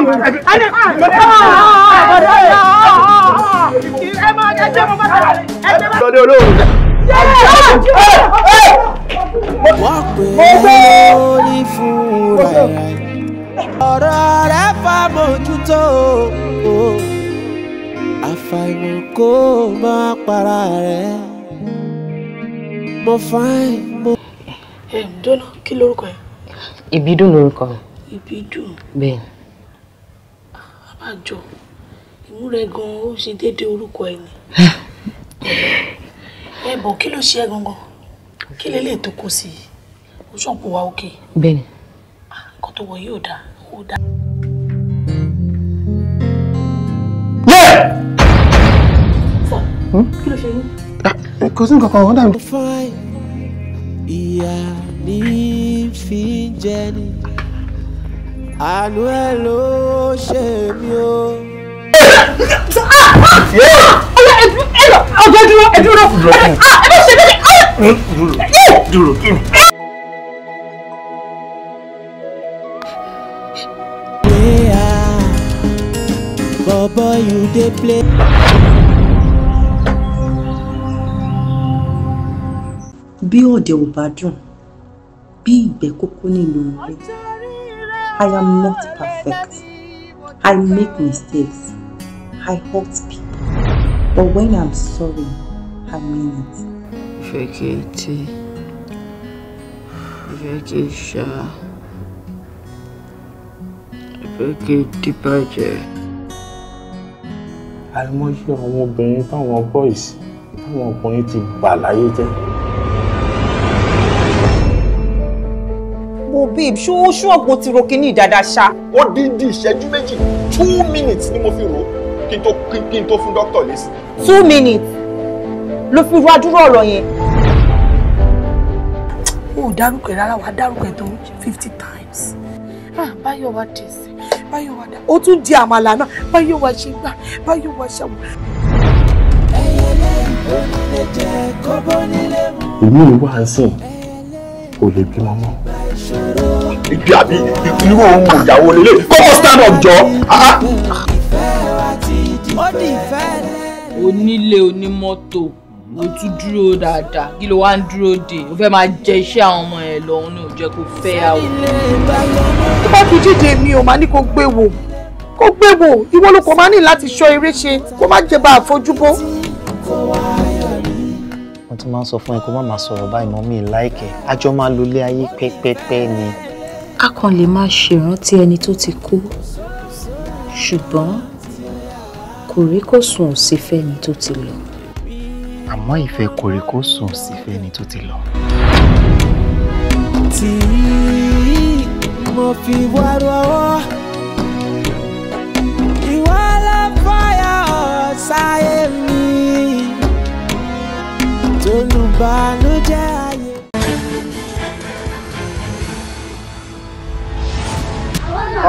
lọ́dẹ olóòrùn wọ́n pè é lórí fúnra ọ̀rọ̀ rẹ̀ fa mojútó àfàìmọ̀ kó má para rẹ̀ mo fáìn mo. ẹ ǹdọ́nà kí lorúkọ ẹ. Ìbídùn lorúkọ. Ìbídùn. bẹ́ẹ̀ ni àjọ ìmúrẹ gan ó ṣe déédéé orúkọ ẹ ni. ẹ bọ̀ kí ló ṣe ẹ gangan kí lélẹ̀ tó kó sí i ó ṣọ̀pọ̀ wa òkè. bẹ́ẹ̀ni. Ah, nǹkan tó wọ yóò dá ó dá. bẹ́ẹ̀. fọ hmm? kí ló ṣe yín. Ah, kò sí nǹkan kan ó dàbí. ìyá ní fi jẹ ni àánú ẹ ló ṣe mí o. ọjọ́ dúró ẹ dúró ẹ bá ṣe bẹ́ẹ̀. dúró dúró kí ni. Bobo, you dey play. bí ọ̀dẹ̀ ò bá dùn bí ìgbẹ́ kókó nílùú rẹ̀. I am not perfect. I make mistakes. I hurt people. But when I'm sorry, I mean it. Ìfẹ́ kìí tí, ìfẹ́ kìí ṣá, ìfẹ́ kìí dìbàjẹ́. Àìmọye àwọn obìnrin táwọn boys táwọn ọkùnrin ti bà láyé jẹ́. wo babe ṣó ṣó ọ̀pọ̀ ti ro kíní dáadáa ṣá. wọ́n dín dín ìṣẹ́jú méjì two minutes ni mo fi rò kí n tó kí n tó fún dókítà lésì. two minutes ló fi wá dúró ọ̀rọ̀ yẹn. wọn ò dárúkọ ẹ rárá wàá dárúkọ ẹ tó fifty times. Ah, báyọ̀ wá dé sí báyọ̀ wá dá ó tún di àmàlà náà báyọ̀ wá ṣe gbà báyọ̀ wá ṣàwọ̀. èmi ò wá sí kò lè bímọ mọ́. ìgbé àbí irú òun ìyàwó lélẹ̀ kókó stand up jọ. onílé ah, ah. onímọ́tò o tún dúró dáadáa kí ló wá ń dúró dè o fẹ́ máa jẹ iṣẹ́ àwọn ọmọ ẹ lọ́hún ni ò jẹ́ kó fẹ́ àwọn. tó bá fi jíjẹ mi ò máa ní kó gbé wò kó gbé wò ìwọ ló kò máa ní láti ṣọ́ eré ṣe kó má jẹ bá mo ti máa ń sọ fún ẹ kó má máa sọ̀rọ̀ báyìí mọ́ mi láìkẹ́ àjọ máa lo ilé ayé pẹ́pẹ́pẹ́ ni. a kàn lè máa ṣèrántí ẹni tó ti kú ṣùgbọ́n kò rí kò sùn sí fẹ́ni tó ti lọ. àmọ́ ìfẹ́ kò rí kò sùn sí fẹ́ni tó ti lọ. tí mo fi wá rọwọ́ ìwọ ló fọyọ̀ mi tolùbànújẹ́ ayé.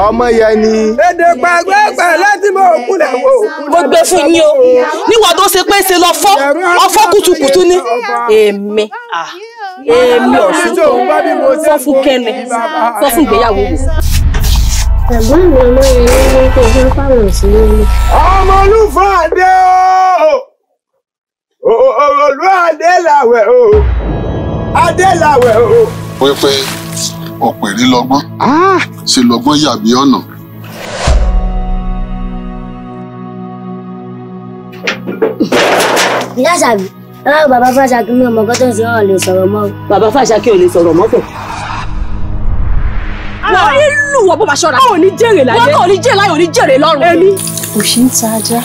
ọmọ yẹn ni. èdè pàgbẹ́pẹ́ láti mọ òkú rẹ̀ wò. mo gbé fún yín o níwà tó ṣe pé ṣe lọ fọ́ ọfọ́ kùtùkùtù ni. èmi ah. èmi ọ̀sùn fọ́ fún kẹ́ni fọ́ fún ìgbéyàwó mi. ẹ̀gbọ́n mi ọmọ yẹn ló ń kó fún fáwọn òsínlẹ̀ mi. ọmọ o olú adélàwẹ̀ o adélàwẹ̀ o. wípé òpèrè lọ́gbọ́n ah! ṣe lọ́gbọ́n yàbí ọ̀nà. ìdásàbí báwo bàbá fàṣàkí mi ò mọ̀ kọ́tọ̀ sí ọ̀hún lè sọ̀rọ̀ mọ́. bàbá fàṣàkí ò lè sọ̀rọ̀ mọ́ pẹ̀. wọ́n rí lù wọ́n bó ma ṣọ́ra. wọ́n ò ní jèrè láyé. wọ́n kò ní jèrè láyé ò ní jèrè lọ́rùn. èmi kò ṣe ń ta ajá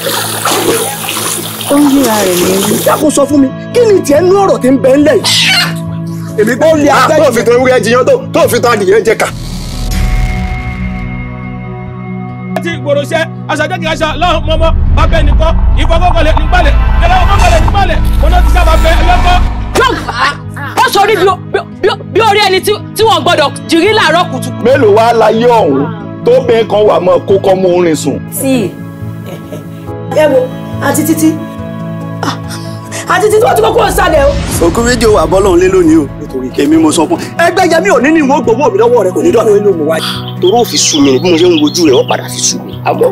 tó ń yíra rẹ̀ lẹ́nu. dákun sọ fún mi kí ni tiẹ̀ nú ọ̀rọ̀ tí ń bẹ ńlẹ̀ yìí. èmi gbọ́ ní ajá ah, tó fi tó ewúrẹ́ jiyàn tó tó fi tó adìyẹ jẹ ká. àti ìgboro ṣẹ́ aṣáájú kìí aṣọ lọ́hùn mọ́mọ́ bàbá ẹnìkan ìfọkọ́kọ̀lẹ̀ nígbàlẹ̀ ẹlẹ́wọ̀kọ̀kọ̀lẹ̀ nígbàlẹ̀ ọ̀nà ti sábà fẹ́ ẹlẹ́kọ́. ó sọ orí bí orí ẹni tí wọ́n gbọ́dọ̀ jírí láàárọ̀ kùtùkù. mélòó wá láyé ọ̀hún tó bẹ́ẹ̀ kan wà mọ́ kókọ́ mú orin sùn. tí ẹ wo àti títí àti títí wọ́n ti kọ́kọ́ sálẹ̀ o. òkú rédíò wà bọ́ lọ́hún lé lónìí o nítorí èmi mo sọ fún ẹgbẹ́ yẹmí ò ní ní ìwọ̀n gbowó mi lọ́wọ́ rẹ kò ní dọ̀nà. torí òfin sùn mi bí mo ṣe ń wojú rẹ ó padà fi sùn mi. àmọ́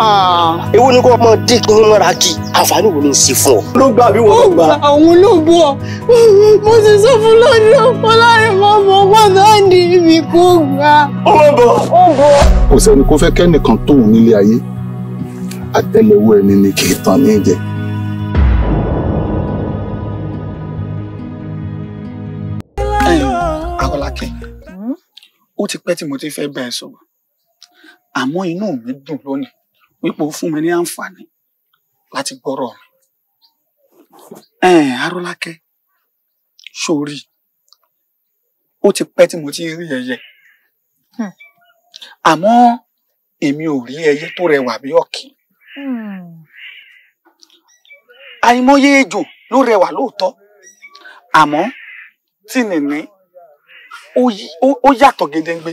ah, ewu ah. ni kò mọ dé kí n mọ́ra kí àǹfààní wo ni n ṣe fún ọ. ló gbà bí wọ́n gbà. àwọn olóògbé ọ mo ti sọ fún lọ́dún fọlárin mọ́mọ́ mọ́tò ẹ̀ǹdì mi kò gbà. ó bọ̀ ó bọ̀. kò sẹ́ni kó fẹ́ kẹ́nìkan tóun nílé ayé àtẹ́lẹwọ́ ẹni ni kì í tàn ní jẹ ti pẹ́ tí mo ti fẹ́ bá ẹ sọ̀rọ̀ àmọ́ inú mi dùn lónìí wípé o fún mi ní àǹfààní láti gbọ́rọ̀ mi. Arọ́lákẹ́ sórí ó ti pẹ́ tí mo ti rí ẹyẹ hmm. àmọ́ èmi ò rí ẹyẹ tó rẹwà bí ọ̀kín. Hmm. àìmọye ejò ló rẹwà lóòótọ́ àmọ́ tí nìní ó yàtọ̀ gédéǹgbé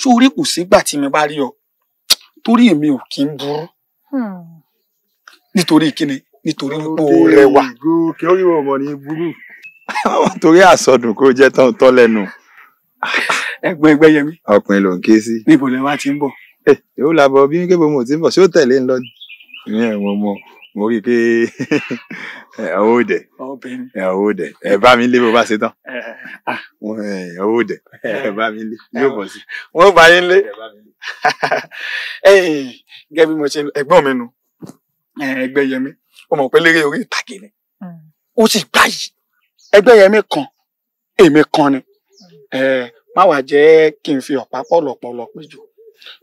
ṣó ah. orí kù sígbà tí mi bá rí ọ torí èmi ò kí ń burú hmm. nítorí kíni nítorí pé ó rẹwà. kí ó rí ọmọ ní burú. torí àsọdùn kó jẹ́ tán tán lẹ́nu. ẹ̀gbọ́n ẹgbẹ́ yẹmi. ọkùnrin ló ń ké sí. níbo lẹ wá ti ń bọ̀. ẹ eh, yóò labọ bí kébọ mo ti ń bọ̀ ṣé ó tẹ̀lé ń lọ ní ẹ̀wọ̀n mọ́ mo rí i pé ọwọ́ òdẹ ọwọ́ òdẹ ẹ bá mi lé bó bá ṣe tán ọwọ́ ah. òdẹ ẹ bá mi lé yóò bọ̀ sí. wọ́n bá yín lé gẹ́gẹ́ bí mo ṣe ẹ̀gbọ́n mi nu ẹgbẹ́ yẹmi ó mọ̀ pé léré orí ìtàgé ni hmm. ó sì gbá yìí ẹgbẹ́ yẹmi kan èmi kan ni má wàá jẹ́ kí n fi ọ̀pá pọ̀lọ̀pọ̀lọ̀ péjọ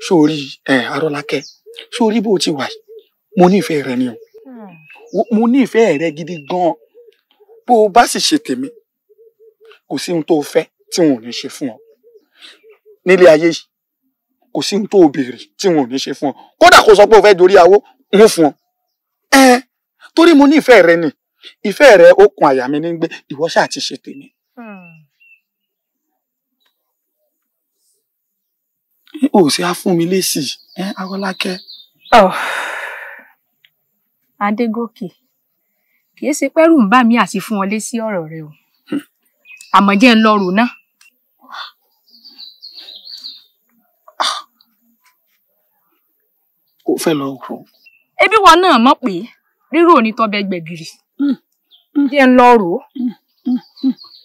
sórí arọ́lákẹ́ sórí bó ti wà yìí mo nífẹ̀ẹ́ rẹ ni o mo ní ìfẹ́ rẹ gidi gan-an bó o bá sì ṣe tèmi kò sí ohun tó o fẹ́ tí wọn ò ní ṣe fún ọ nílé ayé yìí kò sí ohun tó o béèrè tí wọn ò ní ṣe fún ọ kódà kò sọ pé o fẹ́ dorí awó ń fún ọ ẹ torí mo ní ìfẹ́ rẹ ni ìfẹ́ rẹ ó kun àyà mi ní gbé ìwọ ṣáà ti ṣe tèmi. o ò sí á fún mi lésì ẹ Arọ́lákẹ́. Oh adégòkè kì í ṣe pẹ́rù ń bà mí àti fún ọ létí ọ̀rọ̀ rẹ o àmọ́ jẹ́ ń lọ rò náà. kò fẹ́ lọ rò. ebi wọn náà mọ̀ pé rírò ní tọ́bẹ gbẹ̀gìrì jẹ́ ń lọ rò ó.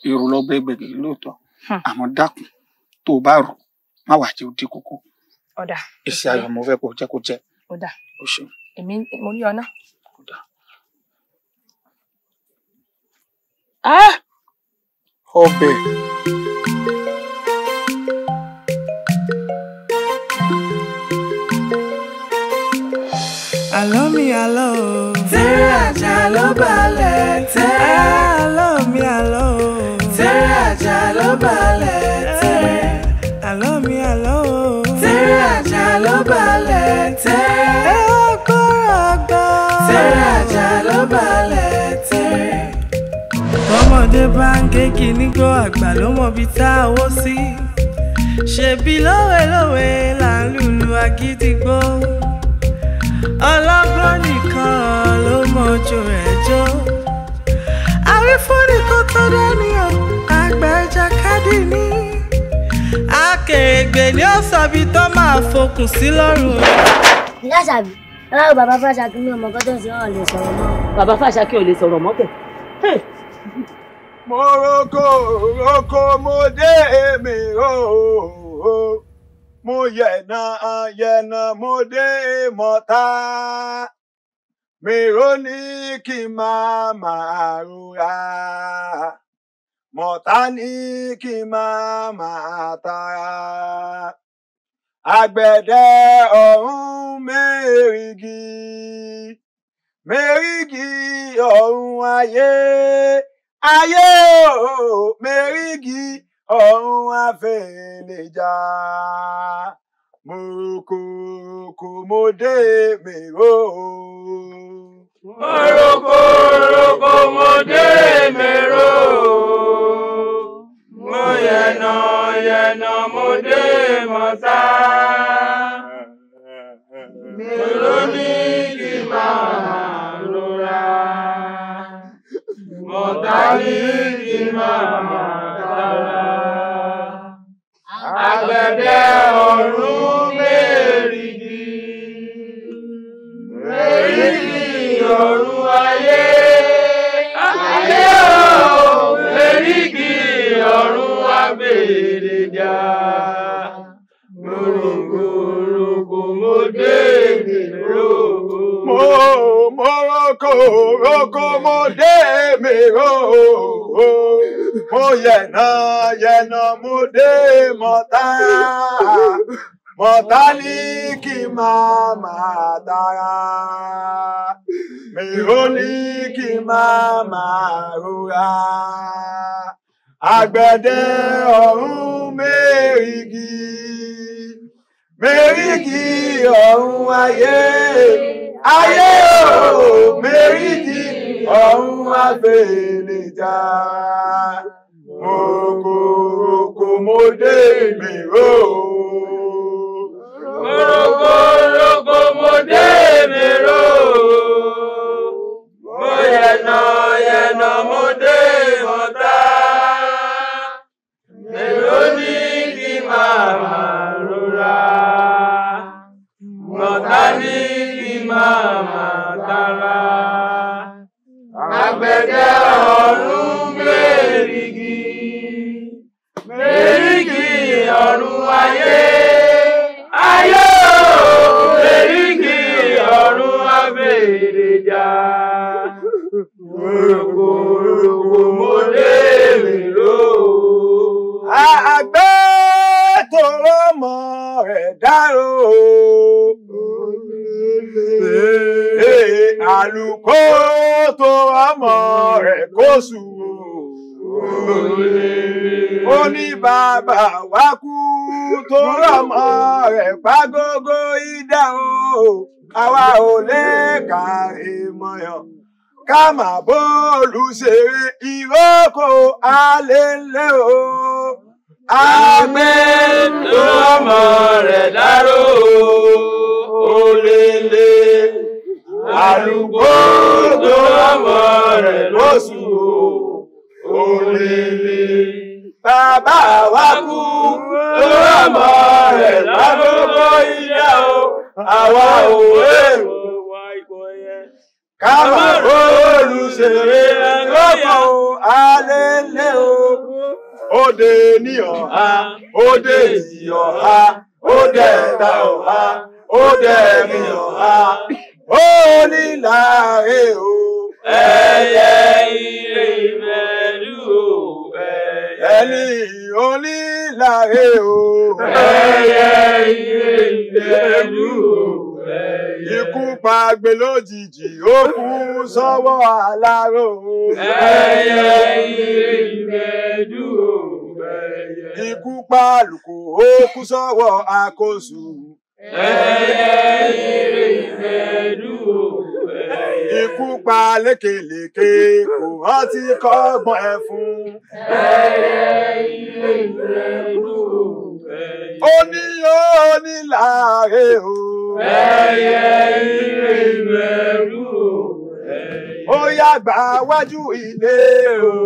èrò lọ́bẹ gbẹ̀gìrì lóòótọ́ àmọ́ dákun tó o bá rò má wàá jẹ́ ó kókó. ọ̀dà. èsì ayọ̀ mo fẹ́ kó jẹ́ kó jẹ́. ọ̀dà. o ṣeun. èmi mo rí ọ náà. Ah! Ọbẹ̀. Àlọ́ mi àlọ́ o. Tẹ́rẹ́ ló balẹ̀ tẹ́. Àlọ́ mi àlọ́ o. Tẹ́rẹ́ ló balẹ̀. báńkéèkì nígbó àgbà ló mọ̀ bí tá a wó sí ṣèbí lówelówe là ń lùlù agídígbò ọlọ́gbọ́n nìkan ló mọ̀jú rẹ̀ jó àwífúnni kò tó dání o àgbà ìjàkadì ní akèrègbè ni ó sọbi tó máa fokùn sí lọ́rùn. ìyá sàbí aláwọ̀ bàbá fàṣà kí mi ò mọ̀ sí ọ̀ lè sọ̀rọ̀ mọ́. bàbá fàṣà kí ò lè sọ̀rọ̀ mọ́ kẹ̀ mo roko roko mo dé èmi o mo yẹ̀nà yẹ̀nà mo dé mọ̀tá mèrò ní kí n máa máa rora mọ̀tá ní ọ̀run mẹ́rìgì mẹ́rìgì ọ̀run ayé ayé o mẹ́rígì ọ̀run àfẹnìjà mo roko roko mo dé mèrò o. mo roko roko mo dé mèrò o. mo yẹ̀nà yẹ̀nà mo dé mọ̀tá. mèrò ní kí máa rora mọ̀tálìkì máa máa dára. Àgbẹ̀dẹ ọ̀run mèrìdì, mèrìdì ọ̀run ayé. Ayé o, mèrìdì ọ̀run abèrèdà. Gbòrògbòrògbò mo dé ìgbèrò roko roko mo de mi ro mo yẹna yẹna mo de mo mọta ni kí máa máa dára mi ò ní kí máa máa rora àgbẹ̀dẹ ọ̀run mẹ́rìgì mẹ́rìgì ọ̀run ayé ayé o mérídì ọ̀hún àfẹ́lẹ́ já. Oko oko mo dé mi o. Oko oko mo dé mi o. Mo yẹ̀nà yẹ̀nà mo dé mọ̀tá. Mélòó ní kí màmá? bàbá wa kú tó rọmọ rẹ̀ pàgógó idà o àwa ò lè kà èèmọ̀yàn ká má bóòlù ṣeré ìrókò alẹ́lẹ́ o. Àgbẹ̀ tó ọmọ rẹ̀ dárò òlélẹ̀. Àlùkò tó ọmọ rẹ̀ lóṣù. bàbá wa kú ló ọmọ rẹ̀ lágbogbo ilé o àwa ò èrò kámọ olùṣèré lọ́pọ̀ alẹ́ lé o. òde ní ọ̀há òde ìsì ọ̀há òde ẹ̀ta ọ̀há òde ẹ̀mí ọ̀há ó ní o. ẹ̀yẹ́. ẹni onílàre o. ẹyẹ ilé ìdẹ́jú o. Ikú pa agbe lójijì, ó kú sọ́wọ́ aláró. Ẹyẹ ilé ìgbẹ́jú o. Ikú pa àlùkò, ó kú sọ́wọ́ àkóso. Ẹyẹ ilé ìgbẹ́jú o ikú pa lékelèké kò hàn kọ́gbọ́n ẹ̀ fún. ẹyẹ ilé ìwé ló ó ní ó ní láàrẹ o. ẹyẹ ilé ìwé ló ó yàgbà wájú ilé o.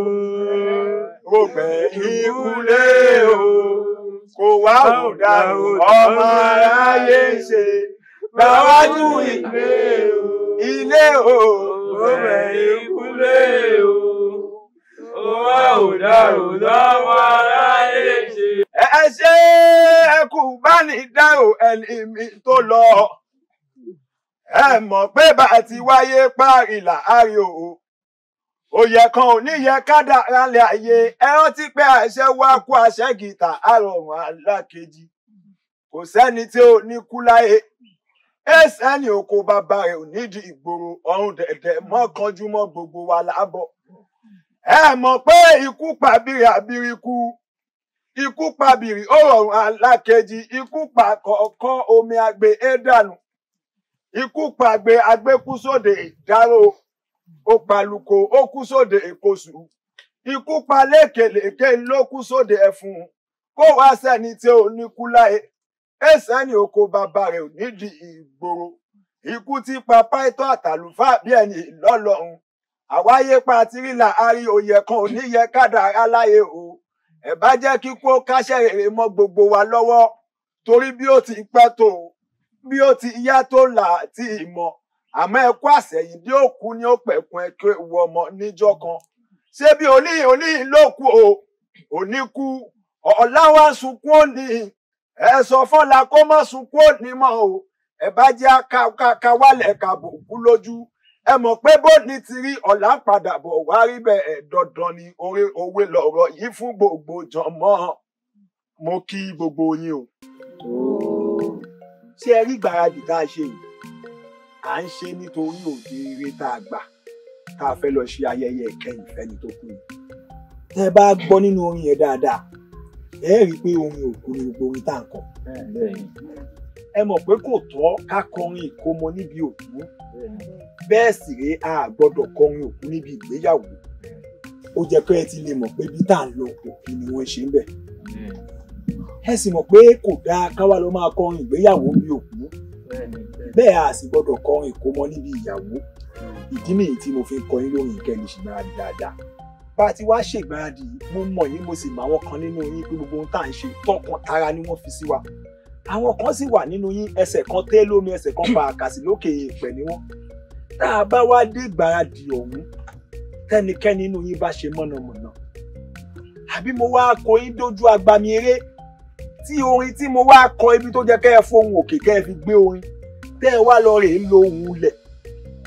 ó gbẹ̀yìn kúlé o. kò wá òdà ọmọ aráyé ṣe gbà wájú ilé o ilé o ó mẹ́rin kúlé o ó wá ò dàrú lọ́wọ́ aráyé ṣe. ẹ ṣe ẹ kú bá ní dárò ẹni mi tó lọ ẹ mọ̀ pé bá a ti wáyé páàrí làárí o òyẹ kan ò ní yẹ ká dára lẹ àyè ẹ rántí pé àṣẹ wá kú àṣẹ gìtà àrọrùn alákejì kò sẹ́ni tí ò ní kú láyé ẹsẹ̀ ni oko bàbá rẹ̀ ò nídìí ìgboro ọ̀run dẹ̀dẹ̀ mọ́ hmm. kánjú mọ́ gbogbo wa láàbọ̀. ẹ mọ̀ pé ikú pàbírí àbírí kú ikú pàbírí ó rọrùn alákejì ikú pàkọ́kọ́ omi agbe é dànù ikú pàgbé agbékú sóde ìdárò ó paluko ó kú sóde èkosù ikú pa lékelèké ló kú sóde ẹfun kó wá sẹ́ni tí ò ní kú láyé ẹsẹ ni oko bàbá rẹ ò nídìí ìgboro ikú ti pa pàìtọ àtàlùfà bí ẹni lọlọrun àwáyé pa tìrìlà àrí òye kan oníyẹ kádàrá láyé o ẹ bá jẹ́ kíkó káṣẹ rere mọ́ gbogbo wa lọ́wọ́ torí bí ó ti pẹ́ tó bí ó ti yá tó là tí ì mọ̀ àmọ́ ẹkú àsẹ̀yìndí òkú ni ó pẹ̀kun ẹkú ewu ọmọ níjọ́ kan ṣé bí oníyìn oníyìn ló kú o òní kú ọ̀la wa ẹ sọ fọlá kó má sunkún òní mọ o ẹ bá jẹ ká wálẹ̀ ká bò kú lójú ẹ mọ̀ pé bó ní ti rí ọ̀la padà bọ̀ wá rí bẹ́ẹ̀ dandan ni orí òwe lọ̀rọ̀ yìí fún gbogbo jọmọ́ mo kí gbogbo yín o. ṣé ẹ rí gbáradì tá a ṣe yìí à ń ṣe nítorí òde eré tá a gbà tá a fẹ́ lọ ṣe ayẹyẹ ìkẹyìn fẹ́ni tó kù yìí. tẹ́ bá gbọ́ nínú orin yẹn dáadáa ẹ rí i pé orin òkú ni gbogbo orin tá à ń kọ ẹ mọ̀ pé kò tọ́ ká kọrin ìkómọ níbi òkú bẹ́ẹ̀ sì rèé a gbọ́dọ̀ kọrin òkú níbi ìgbéyàwó ó jẹ́ pé ẹ ti lè mọ̀ pé bí tá à ń lọ òkú ni wọ́n ṣe ń bẹ̀ ẹ sì mọ̀ pé kò dáa káwá ló máa kọrin ìgbéyàwó bí òkú bẹ́ẹ̀ a sì gbọ́dọ̀ kọrin ìkómọ níbi ìyàwó ìdí nìyí tí mo fi kọrin lórin ìkẹ́ni ṣì bá a ti wá ṣègbáradì mo mọ̀ yín mo sì mọ kan nínú yín pé gbogbo ohun tá à ń ṣe tọkàn tara ni wọ́n fi sí wa àwọn kan sì wà nínú yín ẹsẹ̀ kan tẹ́ lómi ẹsẹ̀ kan pa àkàsì lókè èèpẹ̀ ni wọ́n tá a bá wá dé ìgbáradì ọ̀hún tẹ́nikẹ́ni nínú yín bá ṣe mọ̀nàmọ̀nà àbí mo wá kọ yín dójú agbami eré tí orin tí mo wá kọ ibi tó jẹ́ kẹ́ ẹ fohùn òkè kẹ́ ẹ fi gbé orin tẹ́ ẹ wá lọ rèé lo ohùn ulẹ̀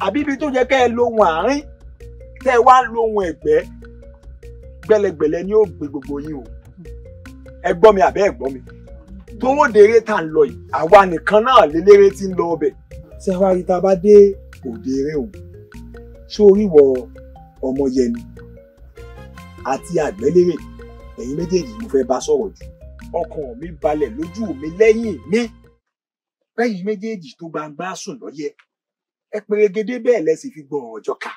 àbí ibi tó jẹ́ kẹ́ ẹ lo ohùn àárín tẹ́ ẹ wá lo ohùn ẹ̀gbẹ́ gbẹlẹgbẹlẹ ni ó gbé gbogbo yín o ẹ gbọ́ mi àbẹ́ ẹ gbọ́ mi tówó dèrè tá ń lọ yìí àwa nìkan náà lélẹ́rẹ́ tí ń lọ ọbẹ̀ tí a wá rí tá bá dé òdèrè o sórí wọ ọmọ yẹni àti àgbẹ̀lérè ẹ̀yin méjèèjì mo fẹ́ bá sọ̀rọ̀ jù ọkàn mi balẹ̀ lójú mi lẹ́yìn mi pẹ́yìn méjèèjì tó gbangba sùn lọ́yẹ ẹ pèrègede bẹ́ẹ̀ lẹ́sìn fi gbọ̀n ọjọ́ ká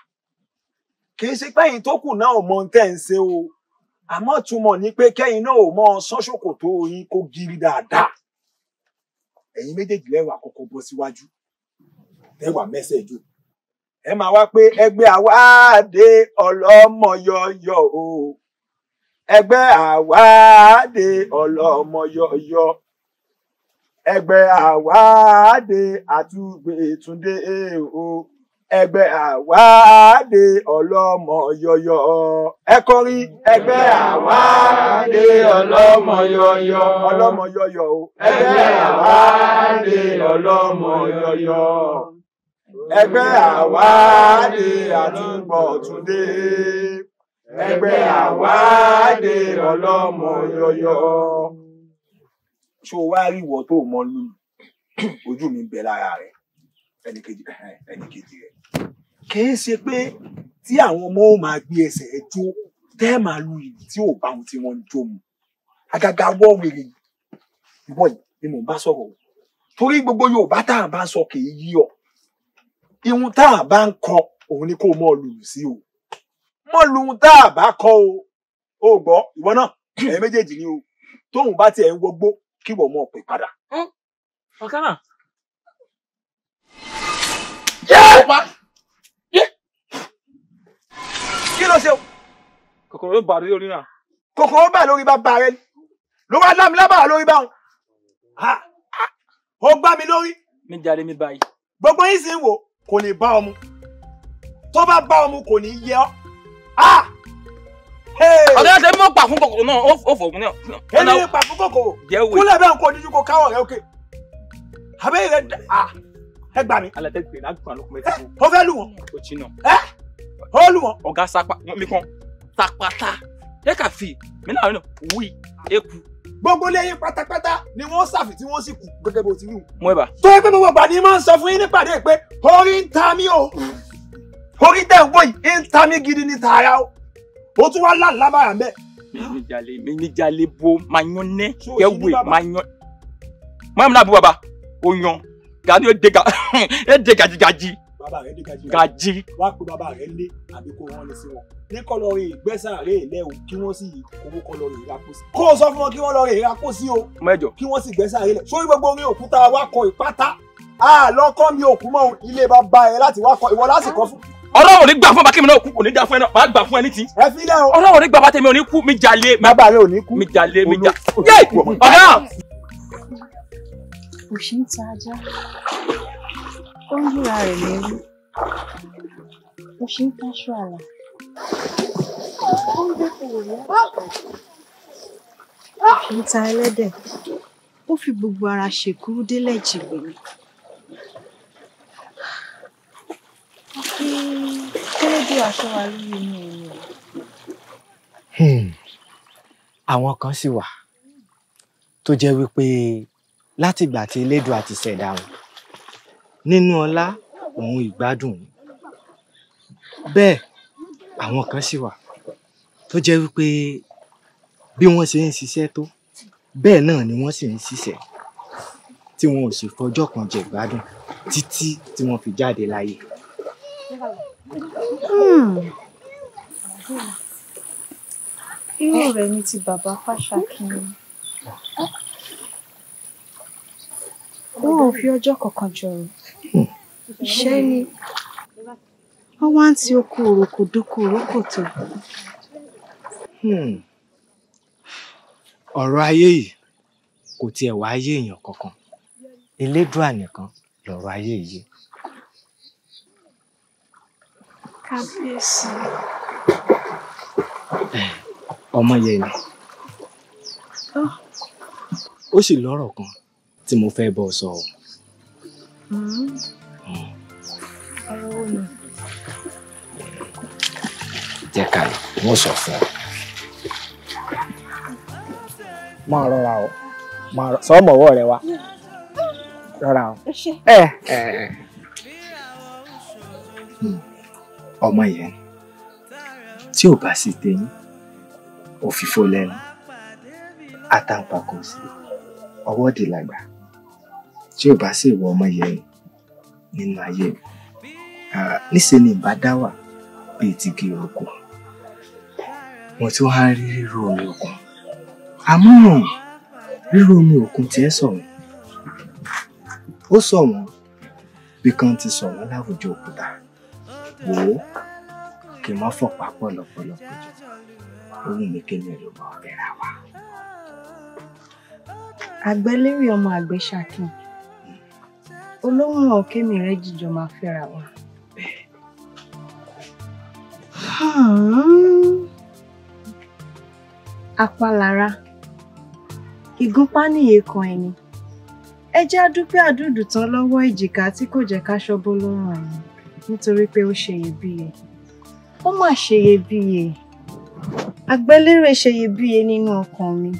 kì í ṣe pé ẹ̀yin tó kù náà ò mọ tẹ́ ń ṣe o àmọ́ túmọ̀ ní pé kẹ́yin náà ò mọ sọ́ṣòkòtò yín kó giri dáadáa ẹ̀yin méjèèjì lẹ́wà kọ́kọ́ bọ́ síwájú lẹ́wà mẹ́sẹ̀ẹ́jù ẹ máa wá pé ẹgbẹ́ àwáàdé ọlọ́mọyọyọ o ẹgbẹ́ àwáàdé ọlọ́mọyọyọ ẹgbẹ́ àwáàdé àtúgbètúndé o ẹgbẹ́ àwáde ọlọ́mọ yọyọ ẹ kọrí ẹgbẹ́ àwáde ọlọ́mọ yọyọ ọlọ́mọ yọyọ o ẹgbẹ́ àwáde ọlọ́mọ yọyọ ẹgbẹ́ àwáde àtúbọ̀túndé ẹgbẹ́ àwáde ọlọ́mọ yọyọ. ṣó wá rí ìwọ tó mọ lù ojú mi bẹ lára rẹ ẹnìkejì rẹ kìí ṣe pé tí àwọn ọmọ ò máa gbé ẹsẹ̀ ẹ jó tẹ́ ẹ máa lu ìlú tí ò bá ohun tí wọ́n ń jó mu àgàgà wọ́ wèrè ìwọ yìí ni mò ń bá sọ̀rọ̀ o torí gbogbo Yorùbá tá à bá sọ kìí yí ọ ihun tá à bá ń kọ òun ni kó mọ lùlù sí o mọ lu ohun tá à bá kọ o ò gbọ́ ìwọ náà ẹ̀yin méjèèjì ni o tóun bá tiẹ̀ ń wọgbó kí wọ́n mọ̀ pé padà. Hm, ọ̀kánà kòkòrò ló bà lórí náà. kòkòrò bà lórí bàbá rẹ ló wá lámi lábàá lórí báwọn ó gbá mi lórí. mi jáde mi báyìí. gbogbo yín sì ń wò kò ní bá ọmú tó bá bá ọmú kò ní yẹ ọ. ọ̀dọ́ yẹn ṣe mọ́ pa fún kòkòrò náà ó fò mí náà. èmi ní pa fún kòkòrò kúlẹ̀ bẹ́ẹ̀ kó dídú kó káwọ̀ rẹ òkè àbẹ́yẹ rẹ ẹ gbà mí. alẹ́ tẹ́ gbèrè àgbọ̀n ló kún mẹ́tì. ó fẹ́ lù wọ́n. ó lù wọ́n. ọ̀gá sápá mi kan tapata lẹ́ka fi mí náà rìn wí eku. gbogbo lẹ́yìn pátápátá ni wọ́n ṣàfi tí wọ́n sì kú gẹ́gẹ́ bó ti wù. mo ibà. tó yẹ pé gbogbo ìgbà ni máa ń sọ fún yín nípàdé pé orí ń ta mí o orí tẹ̀ ń wòyí ń ta mí gidi ní tààrà o ó tún wá lálábàrà mẹ́. mi ní jalè mi ní jalè bo máa yan nẹ́ kẹ́wé máa yan. mọ́ ẹ̀ mi náà bú bàbá o yan gani ó de gàjigàji bàbá rẹ dé gajiri wá pé bàbá rẹ lé àbí kó wọn lè sí wọn ní kọlọrin ìgbésà rẹ lẹ o kí wọn sì owó kọlọrin ìrakó sí. kó o sọ fún wọn kí wọn lọ rìn ìrakó sí o. mẹ́jọ kí wọn sì gbẹ́sà rẹ lẹ sórí gbogbo orin òkúta wa kọ ìpátá a lọ kọ́ mi òkú mọ́ ilé bàbá rẹ láti wá kọ ìwọ láti kọ fún. ọlọ́run ní gbà fún bàkí mi náà kú kò ní fún ẹ náà gbà fún ẹ ní ti. ẹ fi lẹ́ o. ọlọ́run ní gbà bàtẹ́ mi ò ní tó ń yíra rẹ̀ lẹ́rú mo ṣe ń káṣọ àlà ó ń gbé kòrò lẹ́yìn ó ń ta ẹlẹ́dẹ̀ ó fi gbogbo ara ṣèkúrú délẹ̀ jìgbìn ni. kéré bí aṣọ wa lórí inú omi hmm. àwọn kan sì wà tó jẹ́ wípé látìgbà tí elédùn àti ṣẹ̀dá wọn nínú ọlá òun ìgbádùn ni bẹ́ẹ̀ àwọn kan sì wà tó jẹ́ wípé bí wọ́n ṣe ń ṣiṣẹ́ tó bẹ́ẹ̀ náà ni wọ́n sì ń ṣiṣẹ́ tí wọn ò sì fọjọ́ kan jẹ ìgbádùn títí tí wọ́n fi jáde láyé. irú rẹ̀ ni ti bàbá Fáṣàkín wọn ò fi ọjọ́ kankan jọrọ iṣẹ́ ni wọ́n wá ń ti okú òròkò dúkú òròkò tó. Hmm. ọ̀rọ̀ ayé yìí kò tiẹ̀ wá ayé èèyàn kankan elédùà nìkan lọ̀rọ̀ ayé yìí. kábíyèsí. ọmọ yẹn ni ah. ó sì lọ́rọ̀ kan tí mo fẹ́ bọ́ sọ ọ́ ọ̀rọ̀ wo ni. jẹ́ ká yìí mo sọ fún ọ. máa rọra o máa sọ́ọ̀mù ọwọ́ rẹ wá rọra o. ẹ ẹ ọmọ yẹn tí ò bá sí tẹ̀yìn òfìfo lẹ́nu àtàǹpà ọwọ́ dìlàgbà tí ò bá sì wọ ọmọ yẹn nínú ayé mi. Ah, níṣẹ́ ni ìbá dá wà bíi ti gé oko wọn tí wọn á rí rírú omi òkun àmọ́ rírú omi òkun tiẹ̀ sọ̀rọ̀ ó sọ wọn bí kan ti sọ wọn láwùjọ òkúta wò ó kì í mọ fọpá pọ̀lọpọ̀lọpọ̀ jù ó wù mí kí ni èrò bá fẹ́ra wa. àgbẹ̀lérè ọmọ àgbẹ̀ ṣàkíyàn olóhùn ọ̀kẹ́mi rẹ̀ jíjọ máa fẹ́ra wa. Apalára, ìgúnpá nìyẹn kan ẹni. Ẹ jẹ́ àdúpẹ́ àdúdù tán lọ́wọ́ èjìká tí kò jẹ́ ká ṣọ́bó lọ́rùn ẹ̀yìn nítorí pé ó ṣeyebíye. Ó mà ṣeyebíye. Àgbélére ṣeyebíye nínú ọkàn mi.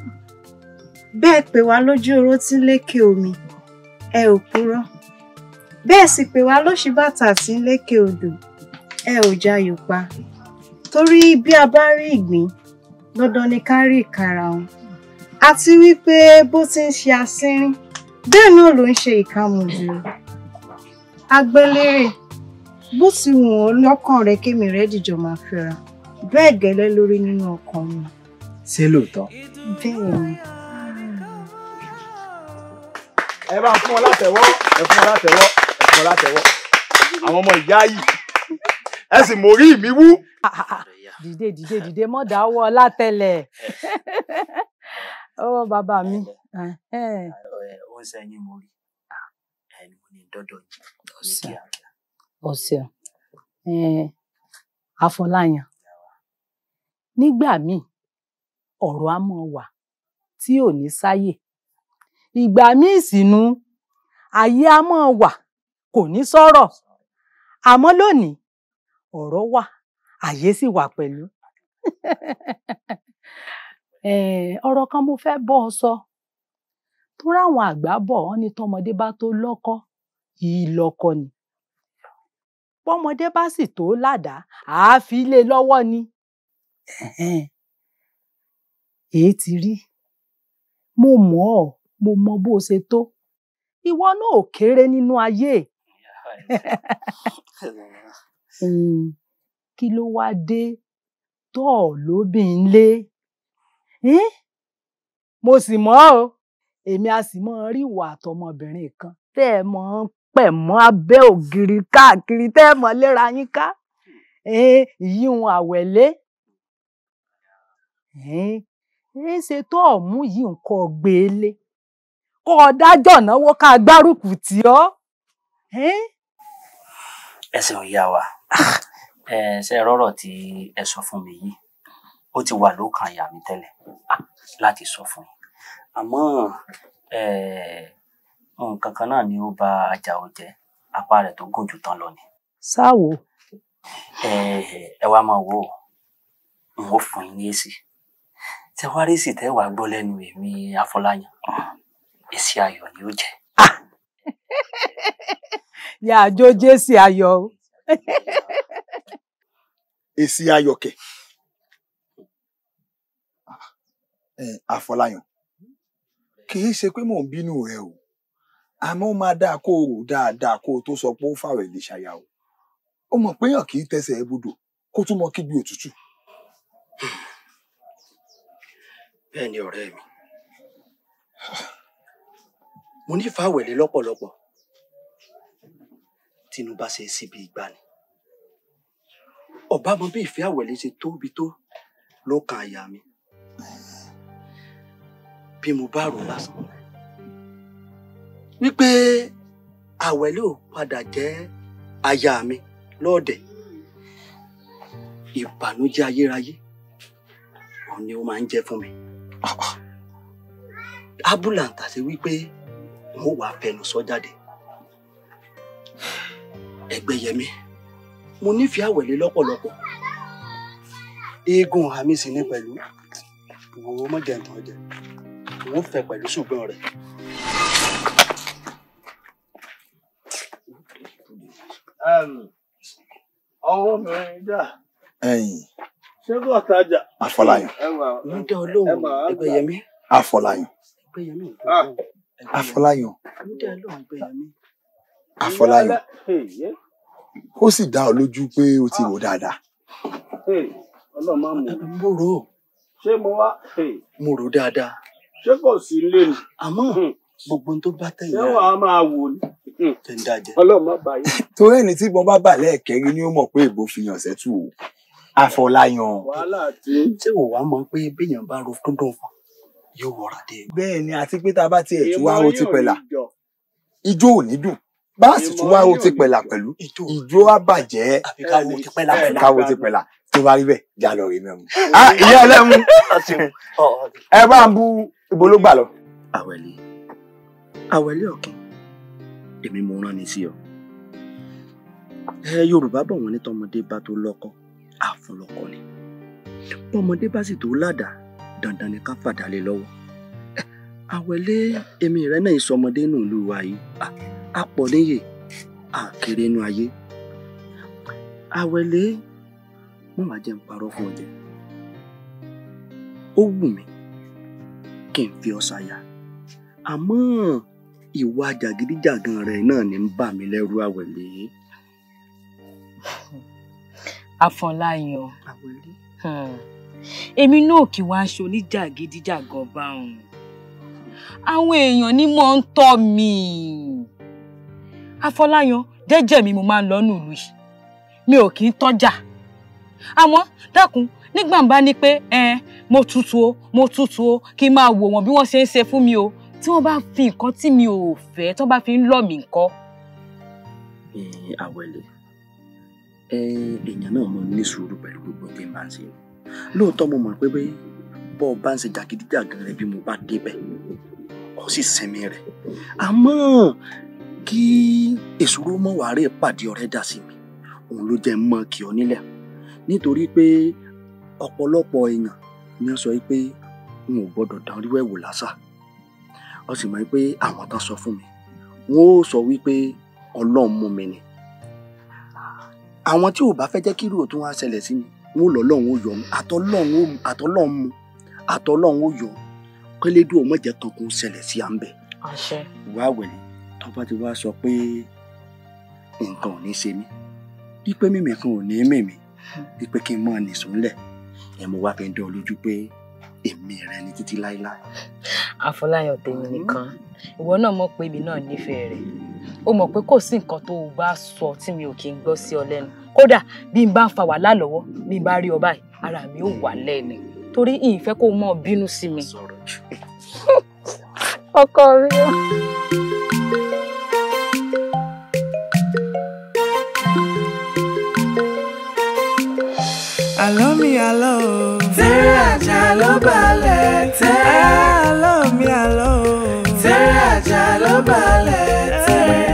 Bẹ́ẹ̀ pè wá lójú oró tí lékè omi. Ẹ ò purọ́. Bẹ́ẹ̀ sì pè wá lóṣìbàtà tí lékè odò. Ẹ ò jayò pa torí bí a bá rí ìgbín dandan ni ká rí ìkara wọn àti wípé bó ti ń ṣe asínrín bẹ́ẹ̀ náà ló ń ṣe ìkàmùjù agbélére bó ti wù ọ́ lọ́kàn rẹ kémi rẹ dìjọ máa fẹ́ra bẹ́ẹ̀ gẹ́lẹ́ lórí nínú ọkàn mi. ṣé lóòótọ́. bẹ́ẹ̀ ni. ẹ bá fún ọ látẹ́wọ́ ẹ fún ọ látẹ́wọ́ ẹ fún ọ látẹ́wọ́ àwọn ọmọ ìyá yìí ẹ sì mórí mi wú. dìde dìde dìde mọ́ dáwọ́ látẹlẹ̀ ọwọ́ bàbá mi. ó ń sẹ́yìn mo rí ah, ẹni mo ní dọ́dọ̀ yìí. ọ̀sẹ̀ Afọláyàn nígbà míì ọ̀rọ̀ á mọ̀ wà tí ò ní sáyè ìgbà míì sínú ayé á mọ̀ wà kò ní sọ̀rọ̀ àmọ́ lónìí ọ̀rọ̀ wà àyè sì wà pẹ̀lú. ọ̀rọ̀ kan mo fẹ́ bọ́ ọ sọ tó ráwọn àgbà bọ̀ wọ́n ní tọmọdé bá tó lọ́kọ yìí lọ́kọ ni bọ́mọdé bá sì tó ládàá àáfi lé lọ́wọ́ ni. èé ti rí mo mọ̀ ọ́ mo mọ bó o ṣe tó ìwọ náà ò kéré nínú ayé. Mm. kí ló wáá dé tó ò lóbìn lé mo sì mọ̀ ọ́ èmi a sì mọ̀ rí ìwà àtọmọbìnrin kan tẹ́ ẹ mọ̀ ń pẹ̀ mọ́ abẹ́ ògiri káàkiri tẹ́ ẹ mọ̀ léra yín ká ìyíhun àwẹ̀lé ẹ ṣe tó ọ̀mú yìí nǹkan ọ̀gbẹ́lé e kó o dájọ́ náwó ká gbárùkù tì ọ́. ẹ ṣeun yá wa. Ese eh, rọrọ tí ẹ sọ fún mi yìí ti wà lókàn ìyá mi tẹ́lẹ̀ láti sọ fún yín àmọ́ nǹkan eh, kan náà ni ó bà Àjàó jẹ́ apá rẹ̀ tó gùn jù tán lọ ni. sáwo. Eh, ẹ wá máa wò ó n ó fún yín ní èsì tẹ wá rí èsì tẹ wàá èmi èsì ni ó jẹ́. Ah! yàá jó jésì ayọ̀ o. esi ayọkẹ àfọláyàn ah, eh, kì í ṣe pé mò ń bínú rẹ o A ó máa dáa dáadáa kó tó sọ pé ó o mọ̀ pé èèyàn kì í tẹsẹ̀ tún mọ kígbe òtútù. bẹ́ẹ̀ ni mi mo ní tínú bá ṣe síbi ìgbà ni ọba mọ bí ìfẹ́ àwẹ̀lẹ̀ ṣe tóbi tó ló kan àyà mi bí mo bá rò lásán wípé àwẹ̀lẹ̀ ò padà jẹ́ aya mi lọ́ọ̀dẹ̀ ìbànújẹ́ ayérayé òun ni ó máa ń jẹ́ fún mi abúlàǹtà ṣe wípé n ó wàá fẹnu sọ jáde ẹgbẹ̀yẹmí mo nífẹ̀ẹ́ àwẹ̀lẹ̀ lọ́pọ̀lọpọ̀ eégún àmì sì ní pẹ̀lú wo mọ̀jẹ̀ntàn jẹ òun fẹ́ pẹ̀lú ṣùgbọ́n rẹ̀. ọwọ́ mi dà. ẹ̀yin. ṣé kò tajà. Afọláyàn. ń dá olóhùn ẹgbẹ̀yẹmí. Afọláyàn. Ah. Afọláyàn. ń dá olóhùn ẹgbẹ̀yẹmí. Afọláyọ̀ ó sì dá ọ lójú pé o ti ah. wò dáadáa. Ọlọ́run máa mú. Mo rò ó. Ṣé mo wá? Mo rò ó dáadáa. Ṣé kò sí ilé ni? Àmọ́ hmm. gbogbo ohun tó bá tẹ̀yìn rẹ̀. Ṣé wàá máa wò ni? Tẹ̀ǹda hmm. jẹ. Ọlọ́run Torí ẹni tí mo bá bà lẹ́ẹ̀kẹ́rin ni ó mọ̀ pé ìbò fi yàn sẹ́tù o. Afọláyàn. Wàhálà tí. Ṣé wò wá mọ̀ pé béèyàn bá ro dúndùn fún yóò wọ̀ra dé. Bẹ́ẹ̀ni àti pé tá a bá tiẹ̀ tú wá o ti pẹ̀là. Ijó ò ní dùn báàsì tún wá wo ti pẹ̀là pẹ̀lú ìjó á bàjẹ́ káwo ti pẹ̀là tó bá rí bẹ́ẹ̀ já lọ rí mẹ́mu. Ah, ìyá ẹlẹ́mu ẹ bá ń bu ibo ló gbà lọ. àwẹ̀lẹ̀ àwẹ̀lẹ̀ ọ̀kìn èmi mo rán ni sí ọ. ẹ yorùbá bọ̀ wọ́n ní tọmọdé bá tó lọ́kọ àfọlọ́kọ ni bọ́mọdé bá sì tó ládàá dandan ni ká fàdálẹ̀ lọ́wọ́ àwẹ̀lẹ̀ èmi rẹ náà ìsọmọdé nù lù wá a pọ̀ a kéré inú ayé àwẹ̀lé mo máa jẹ́ ń parọ́ fún ọjẹ́ ó wù mí kí n fi ọ̀sà yà àmọ́ ìwà jàgídíjàgan rẹ̀ náà ni ń bà mí lẹ́rù àwẹ̀lé. Afọláyàn hmm. èmi náà kì wá aṣọ oníjàgídíjàgan bá òun àwọn èèyàn ni mo ń tọ́ mi. Hmm afọláyan jẹ́jẹ́ mo máa ń lọ nù yìí mi ò kì í tọ́jà àmọ́ dákun nígbà bá ní pé mo tutù o mo tutù o kí n máa wò wọ́n bí wọ́n ṣe ń ṣe fún mi o tí wọ́n bá fi nǹkan tí mi ò fẹ́ tí wọ́n bá fi ń lọ̀ mí nǹkan. àwẹ̀lẹ̀ èèyàn náà mọ ní sùúrù pẹ̀lú gbogbo tí n bá ń ṣe lóòótọ́ mo mọ̀ pé bọ́ bá ń ṣe jàgídíjàgan rẹ bí mo bá débẹ̀ kò sì sinmi rẹ̀ àmọ́ kí èsúró mọ̀ wá rè pàdé ọ̀rẹ́ dà sí mi òun ló jẹ́ mọ́ kí ọ nílẹ̀ nítorí pé ọ̀pọ̀lọpọ̀ èèyàn ni wọ́n sọ pé n ò gbọ́dọ̀ dán orí wẹ̀wò lásà ọ sì mọ̀ pé àwọn tán sọ fún mi wọ́n ó sọ wípé ọlọ́run mú mi ni àwọn tí ò bá fẹ́ jẹ́ kí irú òtún wá ṣẹlẹ̀ sí mi wọ́n lọ lọ́run ó yọ àtọ́lọ́run àtọ́lọ́run mu àtọ́lọ́run ó yọ kélédú ọmọ jẹ́ kankan ṣẹlẹ̀ sí à ń bẹ̀. wàá wẹ̀lẹ̀ tó bá ti wá sọ pé nǹkan ò ní ṣe mí pípẹ́ mímì kan ò ní mìmì pípẹ́ kí n máa nìṣó ńlẹ̀ ẹ mo wá fi ń dán lójú pé èmi rẹ ni títí láéláé. àfọláyàn tèmi mm-hmm. nìkan ìwọ náà mọ̀ pé èmi náà nífẹ̀ẹ́ rẹ ó mọ̀ pé kò sí nǹkan tó o bá sọ tí mi ò kì í gbọ́ sí ọ lẹ́nu kódà bí n bá ń fa wàhálà bí n bá rí ọ báyìí ara mi ò wà lẹ́nu torí ìfẹ́ kó o bínú sí mi. ọkọ mi àlọ́ o. tẹ́rẹ́ àjà ló balẹ̀ tẹ́rẹ́. àlọ́ mi àlọ́ o. tẹ́rẹ́ àjà ló balẹ̀ tẹ́rẹ́.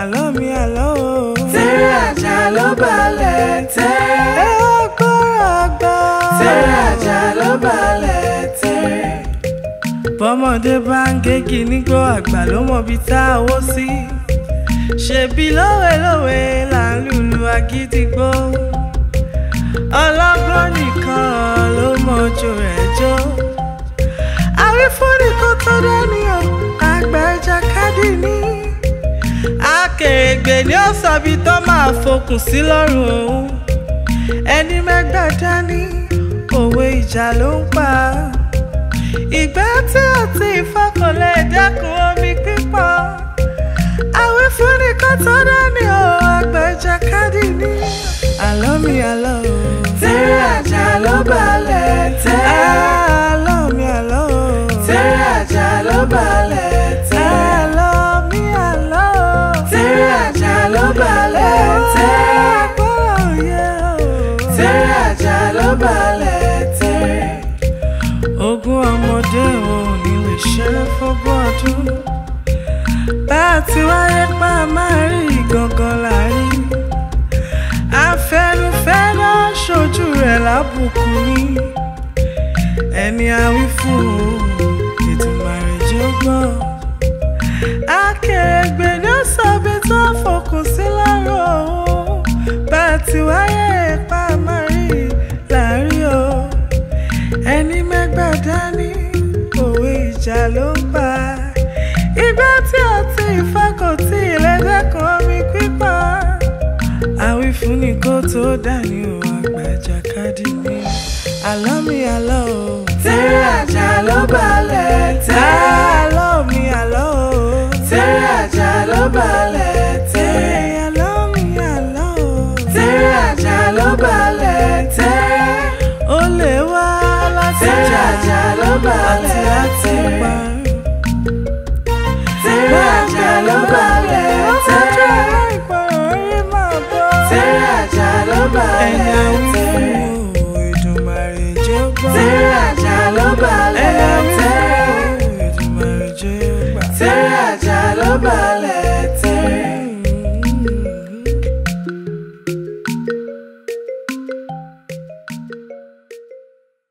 àlọ́ mi àlọ́ o. tẹ́rẹ́ àjà ló balẹ̀ tẹ́rẹ́. ẹ ó kọ́ra gbọ́. tẹ́rẹ́ àjà ló balẹ̀ tẹ́rẹ́. bọ́mọdé bá ń gégi nígbó àgbà ló mọ̀ bí tá a wó sí. ṣèbí lówelówe là ń lùlù agídígbò ọlọ́gbọ́n nìkan ló mọ̀jú rẹ̀ jó àwífúnni kò tó dání o àgbẹ̀jà kádì ní. akèrègbè ni ó sọbi tó máa fokùn sí lọ́rùn òun ẹni mẹ́gbàá dání òwe ìjà ló ń pa ìgbà tí ó ti ìfọkànlẹ̀ dẹ́kun omi pípọ̀ àwífúnni kò tó dání o àgbẹ̀jà kádì ní àlọ́ mi àlọ́ o. tẹ́rẹ́ àjà ló balẹ̀ tẹ́rẹ́. àlọ́ mi àlọ́ o. tẹ́rẹ́ àjà ló balẹ̀ tẹ́rẹ́. àlọ́ mi àlọ́ o. tẹ́rẹ́ àjà ló balẹ̀ tẹ́rẹ́. àgbọ̀rọ̀ yẹ o. tẹ́rẹ́ àjà ló balẹ̀ tẹ́rẹ́. ogún ọmọdé o ní lè ṣe fọ́gbọ́n ọdún. bá a ti wáyé pa máa rí alábùkù ni ẹni àwí fún ètò màrìjì ọgbọ́n akèrègbè ni ó sọ̀bi tó fòkùn sí lárò bá a ti wáyé ipa mari láàrin o ẹni mẹ́gbà dání òwe ìjà ló ń bá igbá tí ọtí ìfakọ̀tì ìlẹ́dẹ̀kọ̀ mi pípa àwífún ni kó tó dání o. ballet.